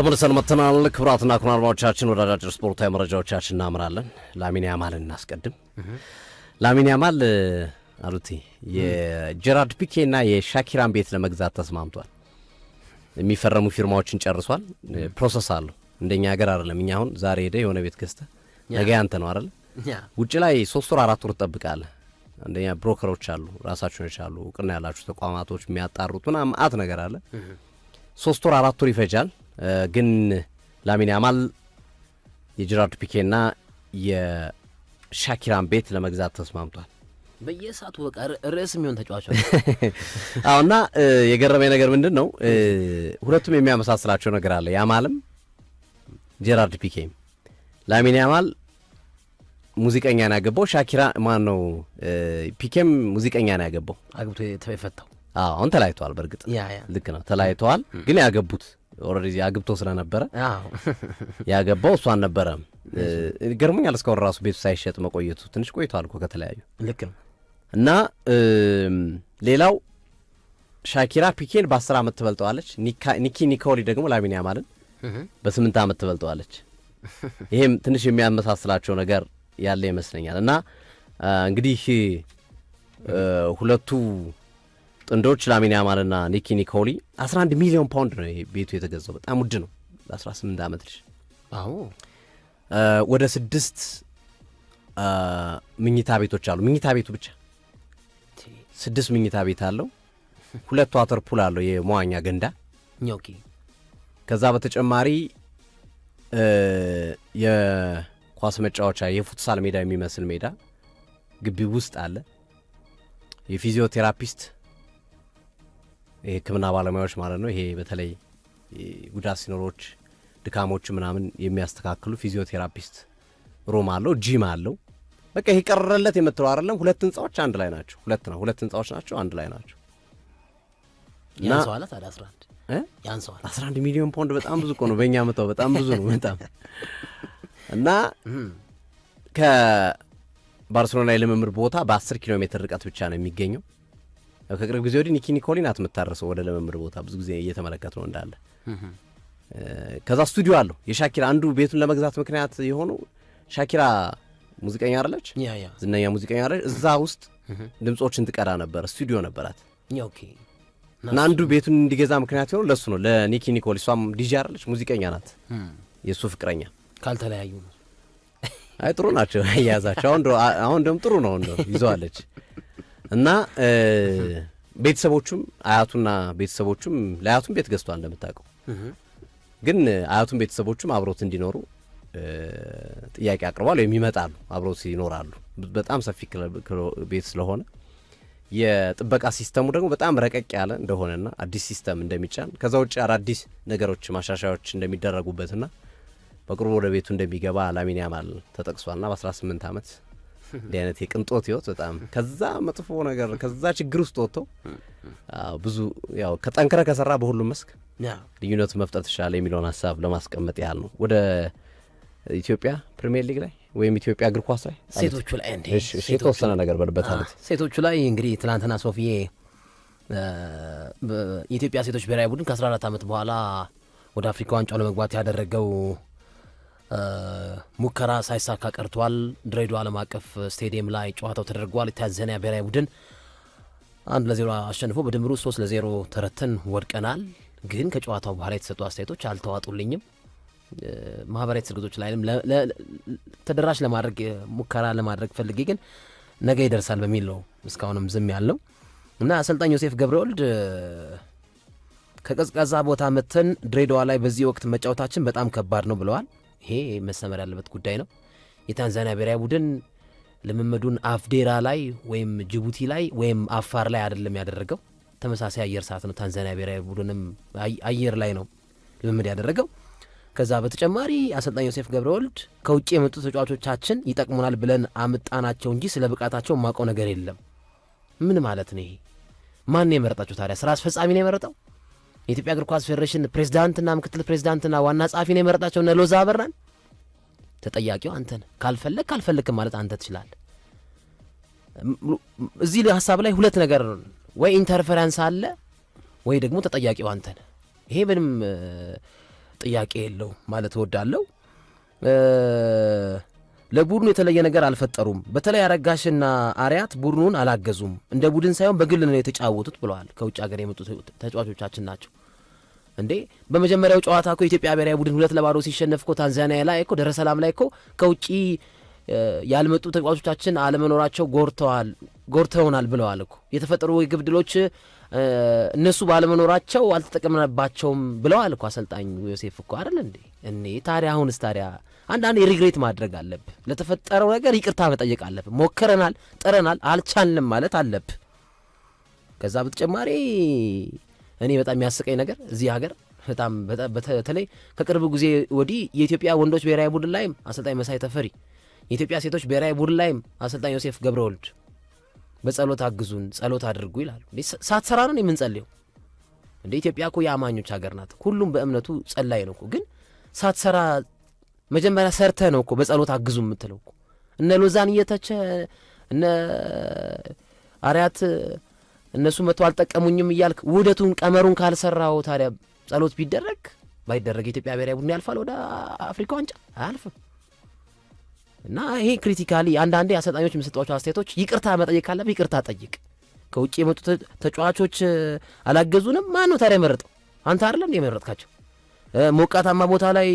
ተመልሰን መተናል። ክብራትና ኩን አድማጮቻችን ወደ አጫጭር ስፖርታዊ መረጃዎቻችን እናምራለን። ላሚን ያማልን እናስቀድም። ላሚን ያማል አሉቲ የጀራርድ ፒኬ ፒኬና የሻኪራን ቤት ለመግዛት ተስማምቷል። የሚፈረሙ ፊርማዎችን ጨርሷል። ፕሮሰስ አለው። እንደኛ ሀገር አይደለም። እኛ አሁን ዛሬ ሄደ የሆነ ቤት ገዝተ ነገ ያንተ ነው አይደል? ውጭ ላይ ሶስት ወር አራት ወር ጠብቃለ። አንደኛ ብሮከሮች አሉ፣ ራሳቸውን የቻሉ እውቅና ያላቸው ተቋማቶች የሚያጣሩት ምናምን አት ነገር አለ። ሶስት ወር አራት ወር ይፈጃል። ግን ላሚን ያማል የጀራርድ ፒኬና የሻኪራን ቤት ለመግዛት ተስማምቷል። በየሰዓቱ በቃ ርዕስ የሚሆን ተጫዋች አሁና የገረመኝ ነገር ምንድን ነው? ሁለቱም የሚያመሳስላቸው ነገር አለ። ያማልም ጀራርድ ፒኬም ላሚን ያማል ሙዚቀኛ ነው ያገባው። ሻኪራ ማን ነው? ፒኬም ሙዚቀኛ ነው ያገባው፣ አግብቶ የፈታው። አሁን ተለያይተዋል። በእርግጥ ልክ ነው፣ ተለያይተዋል። ግን ያገቡት ኦልሬዲ አግብቶ ስለነበረ ያገባው እሱ አልነበረም። ገርሞኛል እስካሁን ራሱ ቤቱ ሳይሸጥ መቆየቱ። ትንሽ ቆይቷል እኮ ከተለያዩ። ልክ ነው። እና ሌላው ሻኪራ ፒኬን በአስር ዓመት ትበልጠዋለች። ኒኪ ኒኮሊ ደግሞ ላሚን ያማልን በስምንት ዓመት ትበልጠዋለች። ይህም ትንሽ የሚያመሳስላቸው ነገር ያለ ይመስለኛል። እና እንግዲህ ሁለቱ ጥንዶች ላሚን ያማልና ኒኪ ኒኮሊ 11 ሚሊዮን ፓውንድ ነው ይሄ ቤቱ የተገዛው። በጣም ውድ ነው ለ18 ዓመት ልጅ። ወደ ስድስት ምኝታ ቤቶች አሉ። ምኝታ ቤቱ ብቻ ስድስት ምኝታ ቤት አለው። ሁለት ዋተር ፑል አለው፣ የመዋኛ ገንዳ። ከዛ በተጨማሪ የኳስ መጫወቻ የፉትሳል ሜዳ የሚመስል ሜዳ ግቢ ውስጥ አለ። የፊዚዮቴራፒስት የህክምና ባለሙያዎች ማለት ነው። ይሄ በተለይ ጉዳት ሲኖሮች ድካሞች ምናምን የሚያስተካክሉ ፊዚዮቴራፒስት ሮም አለው፣ ጂም አለው። በቃ ይሄ ቀረለት የምትለው አይደለም። ሁለት ህንፃዎች አንድ ላይ ናቸው። ሁለት ነው ሁለት ህንፃዎች ናቸው፣ አንድ ላይ ናቸው። አስራ አንድ ሚሊዮን ፓውንድ በጣም ብዙ እኮ ነው። በእኛ ምተው በጣም ብዙ ነው። በጣም እና ከባርሴሎና የልምምድ ቦታ በአስር ኪሎ ሜትር ርቀት ብቻ ነው የሚገኘው። ከቅርብ ጊዜ ወዲህ ኒኪ ኒኮሊ ናት የምታርሰው ወደ ልምምድ ቦታ ብዙ ጊዜ እየተመለከት ነው እንዳለ። ከዛ ስቱዲዮ አለው የሻኪራ አንዱ ቤቱን ለመግዛት ምክንያት የሆኑ ሻኪራ ሙዚቀኛ አለች፣ ዝነኛ ሙዚቀኛ አለች። እዛ ውስጥ ድምፆችን ትቀዳ ነበር ስቱዲዮ ነበራት እና አንዱ ቤቱን እንዲገዛ ምክንያት የሆኑ ለሱ ነው ለኒኪ ኒኮሊ። እሷም ዲጂ አለች፣ ሙዚቀኛ ናት። የእሱ ፍቅረኛ ካልተለያዩ ነው። አይ ጥሩ ናቸው እያያዛቸው። አሁን ደም ጥሩ ነው፣ ይዘዋለች እና ቤተሰቦቹም አያቱና ቤተሰቦቹም ለአያቱም ቤት ገዝቷል እንደምታውቀው። ግን አያቱም ቤተሰቦቹም አብሮት እንዲኖሩ ጥያቄ አቅርቧል ወይም ይመጣሉ፣ አብሮት ይኖራሉ። በጣም ሰፊ ቤት ስለሆነ የጥበቃ ሲስተሙ ደግሞ በጣም ረቀቅ ያለ እንደሆነና አዲስ ሲስተም እንደሚጫን ከዛ ውጭ አዳዲስ ነገሮች ማሻሻያዎች እንደሚደረጉበትና በቅርቡ ወደ ቤቱ እንደሚገባ ላሚን ያማል ተጠቅሷልና በ18 ዓመት እንዲህ አይነት የቅንጦት ህይወት በጣም ከዛ መጥፎ ነገር ከዛ ችግር ውስጥ ወጥቶ ብዙ ያው ከጠንክረ ከሰራ በሁሉም መስክ ልዩነት መፍጠር ተሻለ የሚለውን ሀሳብ ለማስቀመጥ ያህል ነው። ወደ ኢትዮጵያ ፕሪሚየር ሊግ ላይ ወይም ኢትዮጵያ እግር ኳስ ላይ ሴቶቹ ላይ የተወሰነ ነገር በልበት አለት ሴቶቹ ላይ እንግዲህ ትናንትና ሶፊዬ የኢትዮጵያ ሴቶች ብሔራዊ ቡድን ከ14 ዓመት በኋላ ወደ አፍሪካ ዋንጫው ለመግባት ያደረገው ሙከራ ሳይሳካ ቀርቷል። ድሬዳዋ ዓለም አቀፍ ስቴዲየም ላይ ጨዋታው ተደርጓል። የታንዛኒያ ብሔራዊ ቡድን አንድ ለዜሮ አሸንፎ በድምሩ ሶስት ለዜሮ ተረትን ወድቀናል። ግን ከጨዋታው በኋላ የተሰጡ አስተያየቶች አልተዋጡልኝም። ማህበራዊ ስርገጾች ላይም ተደራሽ ለማድረግ ሙከራ ለማድረግ ፈልጌ ግን ነገ ይደርሳል በሚል ነው እስካሁንም ዝም ያለው እና አሰልጣኝ ዮሴፍ ገብረወልድ ከቀዝቃዛ ቦታ መጥተን ድሬዳዋ ላይ በዚህ ወቅት መጫወታችን በጣም ከባድ ነው ብለዋል። ይሄ መሰመር ያለበት ጉዳይ ነው። የታንዛኒያ ብሔራዊ ቡድን ልምምዱን አፍዴራ ላይ ወይም ጅቡቲ ላይ ወይም አፋር ላይ አይደለም ያደረገው። ተመሳሳይ አየር ሰዓት ነው። ታንዛኒያ ብሔራዊ ቡድንም አየር ላይ ነው ልምምድ ያደረገው። ከዛ በተጨማሪ አሰልጣኝ ዮሴፍ ገብረወልድ ከውጭ የመጡ ተጫዋቾቻችን ይጠቅሙናል ብለን አምጣናቸው እንጂ ስለ ብቃታቸው ማውቀው ነገር የለም። ምን ማለት ነው ይሄ? ማን የመረጣቸው ታዲያ? ስራ አስፈጻሚ ነው የመረጠው? የኢትዮጵያ እግር ኳስ ፌዴሬሽን ፕሬዚዳንትና ምክትል ፕሬዚዳንትና ዋና ጸሐፊ ነው የመረጣቸው እነ ሎዛ አበራን። ተጠያቂው አንተን ካልፈለግ ካልፈለግም ማለት አንተ ትችላል። እዚህ ሀሳብ ላይ ሁለት ነገር ወይ ኢንተርፌረንስ አለ ወይ ደግሞ ተጠያቂው አንተን። ይሄ ምንም ጥያቄ የለው ማለት እወዳለሁ። ለቡድኑ የተለየ ነገር አልፈጠሩም። በተለይ አረጋሽና አርያት ቡድኑን አላገዙም። እንደ ቡድን ሳይሆን በግል ነው የተጫወቱት ብለዋል። ከውጭ ሀገር የመጡ ተጫዋቾቻችን ናቸው። እንዴ በመጀመሪያው ጨዋታ እኮ የኢትዮጵያ ብሔራዊ ቡድን ሁለት ለባዶ ሲሸነፍ እኮ ታንዛኒያ ላይ እኮ ደረሰላም ላይ እኮ ከውጭ ያልመጡ ተጫዋቾቻችን አለመኖራቸው ጎርተዋል ጎርተውናል ብለዋል እኮ የተፈጠሩ የግብ ድሎች እነሱ ባለመኖራቸው አልተጠቀምባቸውም ብለዋል እኮ አሰልጣኙ ዮሴፍ እኮ አይደል እንዴ እኔ ታዲያ አሁንስ ታዲያ አንዳንድ የሪግሬት ማድረግ አለብ ለተፈጠረው ነገር ይቅርታ መጠየቅ አለብ። ሞክረናል፣ ጥረናል፣ አልቻልንም ማለት አለብ ከዛ በተጨማሪ እኔ በጣም የሚያስቀኝ ነገር እዚህ ሀገር በጣም በተለይ ከቅርብ ጊዜ ወዲህ የኢትዮጵያ ወንዶች ብሔራዊ ቡድን ላይም አሰልጣኝ መሳይ ተፈሪ፣ የኢትዮጵያ ሴቶች ብሔራዊ ቡድን ላይም አሰልጣኝ ዮሴፍ ገብረወልድ በጸሎት አግዙን፣ ጸሎት አድርጉ ይላሉ። ሳትሰራ ነው የምንጸልየው እንደ ኢትዮጵያ እኮ የአማኞች ሀገር ናት። ሁሉም በእምነቱ ጸላይ ነው እኮ ግን ሳትሰራ መጀመሪያ ሰርተ ነው እኮ በጸሎት አግዙ የምትለው እኮ እነ ሎዛን እየተቸ እነ አርያት እነሱ መቶ አልጠቀሙኝም እያልክ ውህደቱን ቀመሩን ካልሰራው ታዲያ ጸሎት ቢደረግ ባይደረግ የኢትዮጵያ ብሔራዊ ቡድን ያልፋል ወደ አፍሪካ ዋንጫ አያልፍም። እና ይሄ ክሪቲካሊ አንዳንዴ አሰልጣኞች የሚሰጧቸው አስተያየቶች ይቅርታ መጠየቅ ካለብህ ይቅርታ ጠይቅ። ከውጭ የመጡ ተጫዋቾች አላገዙንም። ማን ነው ታዲያ የመረጠው? አንተ አይደለም የመረጥካቸው? ሞቃታማ ቦታ ላይ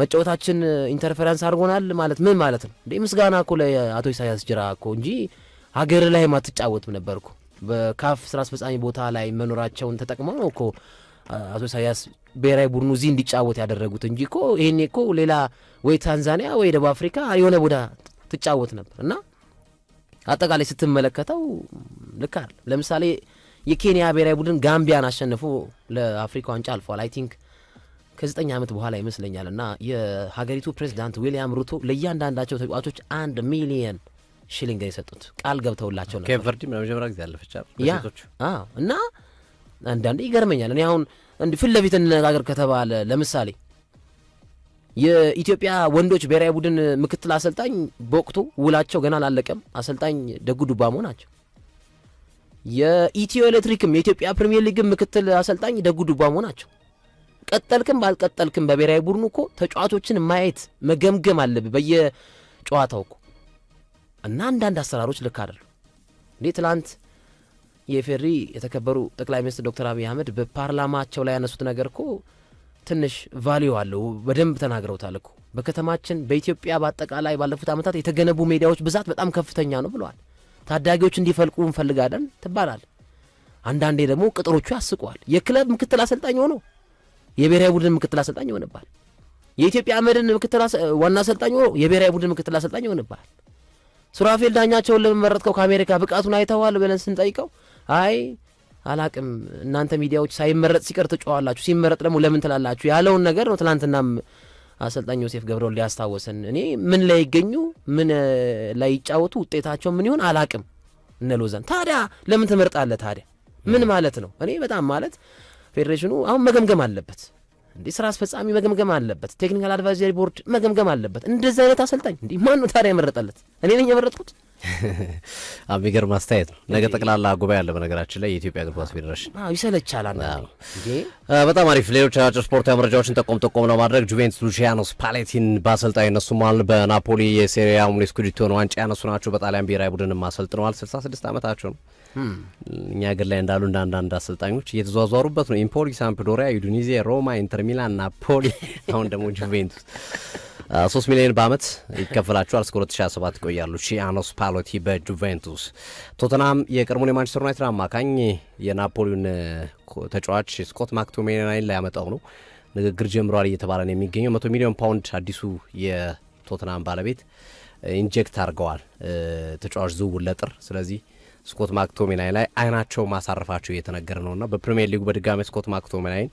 መጫወታችን ኢንተርፌረንስ አድርጎናል ማለት ምን ማለት ነው እንዴ? ምስጋና እኮ ለአቶ ኢሳያስ ጅራ እኮ እንጂ ሀገር ላይ ማትጫወትም ነበር እኮ በካፍ ስራ አስፈጻሚ ቦታ ላይ መኖራቸውን ተጠቅመው ነው እኮ አቶ ኢሳያስ ብሔራዊ ቡድኑ እዚህ እንዲጫወት ያደረጉት እንጂ እኮ ይሄኔ እኮ ሌላ ወይ ታንዛኒያ ወይ ደቡብ አፍሪካ የሆነ ቦታ ትጫወት ነበር እና አጠቃላይ ስትመለከተው ልክ ለምሳሌ የኬንያ ብሔራዊ ቡድን ጋምቢያን አሸንፎ ለአፍሪካ ዋንጫ አልፏል። አይ ቲንክ ከዘጠኝ ዓመት በኋላ ይመስለኛል እና የሀገሪቱ ፕሬዚዳንት ዊሊያም ሩቶ ለእያንዳንዳቸው ተጫዋቾች አንድ ሚሊየን ሽሊንግ የሰጡት ቃል ገብተውላቸው ነበር። ኬፕ ቨርዲ ለመጀመሪያ ጊዜ ያለፈች እና አንዳንዴ ይገርመኛል። እኔ አሁን እንዲህ ፊት ለፊት እንነጋገር ከተባለ ለምሳሌ የኢትዮጵያ ወንዶች ብሔራዊ ቡድን ምክትል አሰልጣኝ በወቅቱ ውላቸው ገና አላለቀም አሰልጣኝ ደጉ ዱባሞ ናቸው። የኢትዮ ኤሌክትሪክም የኢትዮጵያ ፕሪሚየር ሊግም ምክትል አሰልጣኝ ደጉ ዱባሞ ናቸው። ቀጠልክም ባልቀጠልክም በብሔራዊ ቡድኑ እኮ ተጫዋቾችን ማየት መገምገም አለብህ በየጨዋታው እኮ እና አንዳንድ አሰራሮች ልክ አደሉ። እንዴ ትላንት የፌሪ የተከበሩ ጠቅላይ ሚኒስትር ዶክተር አብይ አህመድ በፓርላማቸው ላይ ያነሱት ነገር እኮ ትንሽ ቫሊዩ አለው። በደንብ ተናግረውታል እኮ በከተማችን በኢትዮጵያ በአጠቃላይ ባለፉት ዓመታት የተገነቡ ሜዳዎች ብዛት በጣም ከፍተኛ ነው ብለዋል። ታዳጊዎች እንዲፈልቁ እንፈልጋለን ትባላል። አንዳንዴ ደግሞ ቅጥሮቹ ያስቀዋል። የክለብ ምክትል አሰልጣኝ ሆኖ የብሔራዊ ቡድን ምክትል አሰልጣኝ ይሆንባል። የኢትዮጵያ መድን ምክትል ዋና አሰልጣኝ ሆኖ የብሔራዊ ቡድን ምክትል አሰልጣኝ ይሆንባል። ሱራፌል ዳኛቸውን ለመመረጥከው ከአሜሪካ ብቃቱን አይተዋል ብለን ስንጠይቀው አይ አላቅም እናንተ ሚዲያዎች ሳይመረጥ ሲቀር ትጮዋላችሁ፣ ሲመረጥ ደግሞ ለምን ትላላችሁ ያለውን ነገር ነው። ትናንትናም አሰልጣኝ ዮሴፍ ገብረውን ሊያስታወሰን እኔ ምን ላይ ይገኙ ምን ላይ ይጫወቱ ውጤታቸው ምን ይሆን አላቅም እነ ሎዛን ታዲያ ለምን ትመርጣለህ? ታዲያ ምን ማለት ነው? እኔ በጣም ማለት ፌዴሬሽኑ አሁን መገምገም አለበት። እንዲህ ስራ አስፈጻሚ መገምገም አለበት። ቴክኒካል አድቫይዘሪ ቦርድ መገምገም አለበት። እንደዚህ አይነት አሰልጣኝ እንዲህ ማን ነው ታዲያ የመረጠለት? እኔ ነኝ የመረጥኩት? የሚገርም አስተያየት ነው። ነገ ጠቅላላ ጉባኤ አለ። በነገራችን ላይ የኢትዮጵያ እግር ኳስ ፌዴሬሽን ይሰለቻል። በጣም አሪፍ። ሌሎች አጭር ስፖርታዊ መረጃዎችን ጠቆም ጠቆም ለማድረግ ጁቬንትስ ሉቺያኖ ስፓሌቲን በአሰልጣኝ ሹሟል። በናፖሊ የሴሪያ ሙሌ ስኩዲቶን ዋንጫ ያነሱ ናቸው። በጣሊያን ብሔራዊ ቡድንም አሰልጥነዋል። 66 ዓመታቸው ነው። እኛ ሀገር ላይ እንዳሉ እንደ አንዳንድ አሰልጣኞች እየተዟዟሩበት ነው። ኢምፖሊ፣ ሳምፕዶሪያ፣ ዩዱኒዜ፣ ሮማ፣ ኢንተር ሚላን፣ ናፖሊ አሁን ደግሞ ጁቬንቱስ ሶስት ሚሊዮን በአመት ይከፈላቸዋል። እስከ 2027 ይቆያሉ። ቺያኖስ ፓሎቲ በጁቬንቱስ ቶተናም የቀድሞን የማንቸስተር ዩናይትድ አማካኝ የናፖሊዮን ተጫዋች ስኮት ማክቶሜናይን ሊያመጣው ነው ንግግር ጀምሯል እየተባለ ነው የሚገኘው። መቶ ሚሊዮን ፓውንድ አዲሱ የቶተናም ባለቤት ኢንጀክት አድርገዋል ተጫዋች ዝውውር ለጥር። ስለዚህ ስኮት ማክቶሜናይ ላይ አይናቸው ማሳረፋቸው እየተነገረ ነውና በፕሪሚየር ሊጉ በድጋሚ ስኮት ማክቶሜናይን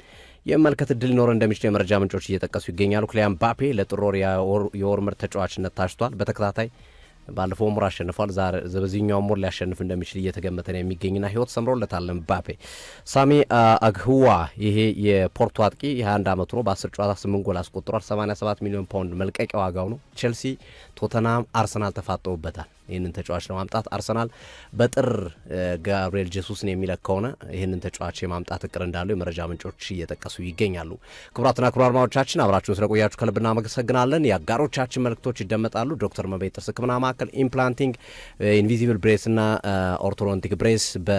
የመመልከት እድል ሊኖረ እንደሚችል የመረጃ ምንጮች እየጠቀሱ ይገኛሉ። ክሊያን ባፔ ለጥር ወር የወር ምርጥ ተጫዋችነት ታጭቷል። በተከታታይ ባለፈው ሙር አሸንፏል። በዚህኛውም ሙር ሊያሸንፍ እንደሚችል እየተገመተ ነው የሚገኝና ህይወት ሰምሮለታል። ምባፔ ሳሚ አግህዋ ይሄ የፖርቶ አጥቂ የ21 ዓመቱ ነው። በ10 ጨዋታ 8 ጎል አስቆጥሯል። 87 ሚሊዮን ፓውንድ መልቀቂያ ዋጋው ነው። ቼልሲ፣ ቶተናም፣ አርሰናል ተፋጠውበታል። ይህንን ተጫዋች ለማምጣት አርሰናል በጥር ጋብሪኤል ጄሱስን የሚለቅ ከሆነ ይህንን ተጫዋች የማምጣት እቅድ እንዳለው የመረጃ ምንጮች እየጠቀሱ ይገኛሉ። ክቡራትና ክቡር አድማጮቻችን አብራችሁን ስለቆያችሁ ከልብ እናመሰግናለን። የአጋሮቻችን መልእክቶች ይደመጣሉ። ዶክተር መቤት ጥርስ ሕክምና ማዕከል ኢምፕላንቲንግ ኢንቪዚብል ብሬስ እና ኦርቶዶንቲክ ብሬስ በ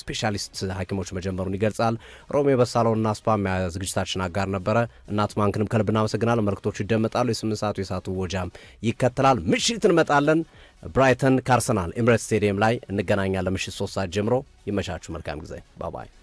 ስፔሻሊስት ሐኪሞች መጀመሩን ይገልጻል። ሮሜ በሳሎና ስፓም ዝግጅታችን አጋር ነበረ። እናት ማንክንም ከልብ እናመሰግናለን። መልክቶቹ ይደመጣሉ። የስምንት ሰዓቱ የሰዓቱ ወጃም ይከተላል። ምሽት እንመጣለን። ብራይተን ካርሰናል ኤምሬትስ ስቴዲየም ላይ እንገናኛለን። ምሽት ሶስት ሰዓት ጀምሮ ይመቻችሁ። መልካም ጊዜ ባባይ